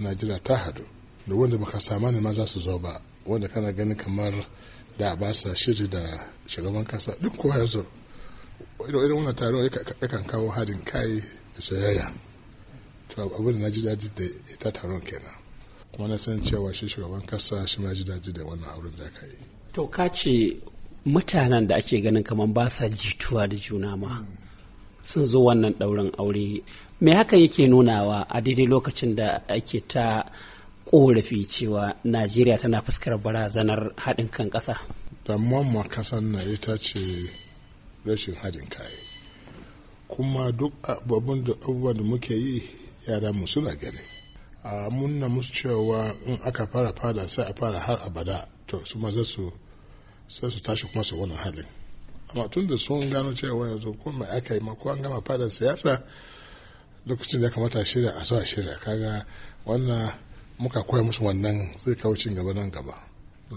najeriya ta hadu da wanda baka sama ne ma za su zo ba wanda kana ganin kamar da ba sa shiri da shugaban kasa duk kowa ya zo irin wannan taro yakan kawo hadin kai da soyayya to abin da na ji daji da ita taron kenan kuma na san cewa shi shugaban kasa shi ma ji daji da wannan auren da aka yi to ka ce mutanen da ake ganin kamar ba sa jituwa da juna ma hmm. sun zo wannan ɗaurin aure me hakan yake nunawa a daidai lokacin da ake ta korafi cewa najeriya tana fuskar barazanar haɗin kan ƙasa damuwan kasar na ita ce rashin haɗin kayi kuma duk abubuwan da abubuwan da muke yi yara mu suna gani a munna musu cewa in aka fara fada sai a fara har abada to su maza su su tashi kuma su wannan halin amma tun da sun gano cewa yanzu ko mai aka yi ko an gama fadar siyasa lokacin da kamata shirya a sa shirya kaga wannan muka koya musu wannan zai kawo cin gaba nan gaba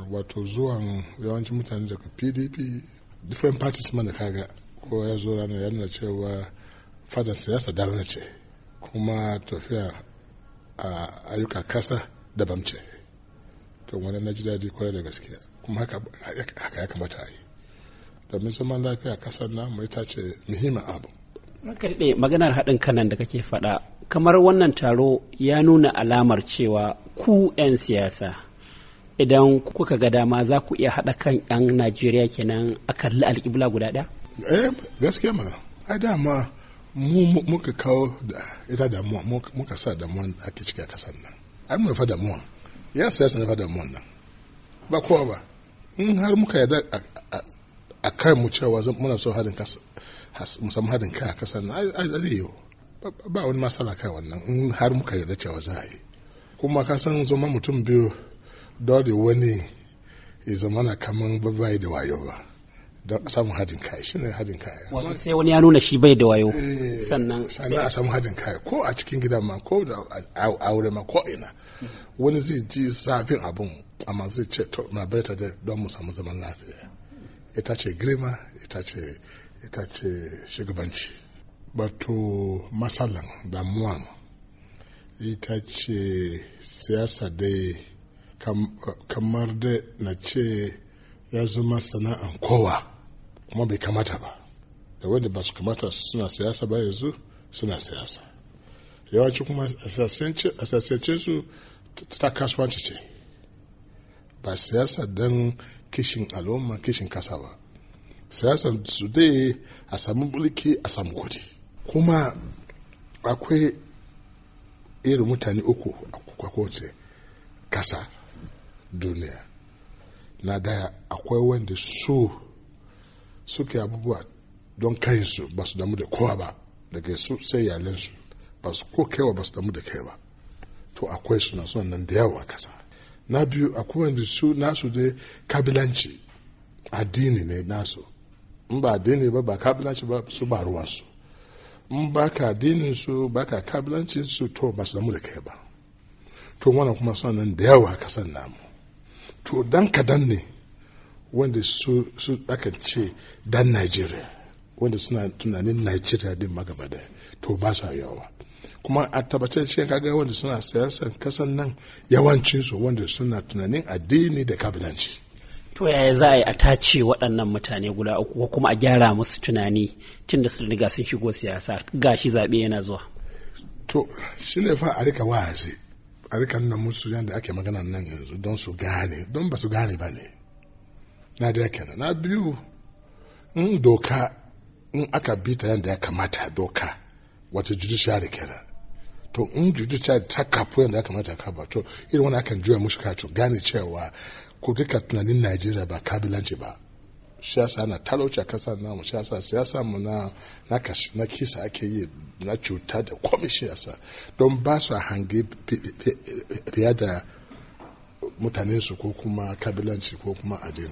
wato zuwan yawancin mutane daga pdp different parties man da kaga ko ya zo ranar yana cewa fadar siyasa daban ce kuma tafiya a ayyuka kasa da bamce to wani na ji daji kwarai da gaskiya kuma haka ya kamata a yi domin zaman lafiya kasar mu ita ce muhimmin abu karbe maganar haɗin kanan da kake faɗa kamar wannan taro ya nuna alamar cewa ku 'yan siyasa idan kuka ga dama za ku iya haɗa kan 'yan najeriya kenan a kalli alƙibla guda ɗaya eh gaskiya ma a dama mu muka kawo da ita damuwa muka sa damuwa ake ciki a kasar nan ai mu fa damuwa yan siyasa ne fa damuwa nan ba kowa ba in har muka yarda a kan mu cewa muna so hadin kasa musamman hadin kai a kasar nan a zai yi ba wani masala kai wannan in har muka yarda cewa za a yi kuma ka san zama mutum biyu dole wani ya zama na kaman bai da wayo ba don a samu hadin kai shi ne hadin kai wannan sai wani ya nuna shi bai da wayo eh, sannan a samu hadin kai ko a cikin gida ma ko da aure ma ko ina hmm. wani zai ji zafin abin amma zai ce to na bai ta don mu samu zaman lafiya ita ce girma ita ce ita ce shugabanci bato matsalan damuwa ita ce siyasa dai kamar da na ce ya zama sana'an kowa kuma bai kamata ba da wanda ba su kamata suna siyasa ba yanzu suna siyasa yawanci kuma a su ta kasuwanci ce ba siyasa don kishin al'umma kishin kasa ba siyasar su dai a samu mulki a samu kudi kuma akwai irin mutane uku a kwakwace kasa duniya na daya akwai wanda su suke abubuwa don kayansu ba su damu da kowa ba daga su sai su ba su ko kewa ba su damu da kai ba to akwai suna suna nan da yawa kasa na biyu akwai wanda su nasu dai kabilanci addini ne nasu in ba addini ba ba kabilanci ba su ba ruwansu in ba ka addinin su ba ka kabilanci su to ba su damu da kai ba to wannan kuma suna nan da yawa kasan namu to dan kadan ne wanda su su akan ce dan Najeriya wanda suna tunanin Najeriya din magaba da to ba su yawa kuma a tabbatar cikin kaga wanda suna siyasar kasan nan yawancinsu wanda suna tunanin addini da kabilanci to yaya za a yi a tace waɗannan mutane guda uku ko kuma a gyara musu tunani tunda sun riga sun shigo siyasa gashi zaɓe yana zuwa to shi ne fa a rika wa'azi a rika nuna musu yadda ake magana nan yanzu don su gane don ba su gane ba ne na da yake na biyu in doka in aka bi ta yadda ya kamata doka wata judiciary kenan to in judiciary ta kafu yadda ya kamata ka to irin wani akan juya musu kacu gane cewa ko duka tunanin najeriya ba kabilanci ba siyasa na talauci a kasar namu siyasa siyasa mu na kisa ake yi na cuta da komai siyasa don ba su hange fiye da su ko kuma kabilanci ko kuma addini